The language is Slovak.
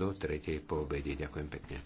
do tretej po obede. Ďakujem pekne.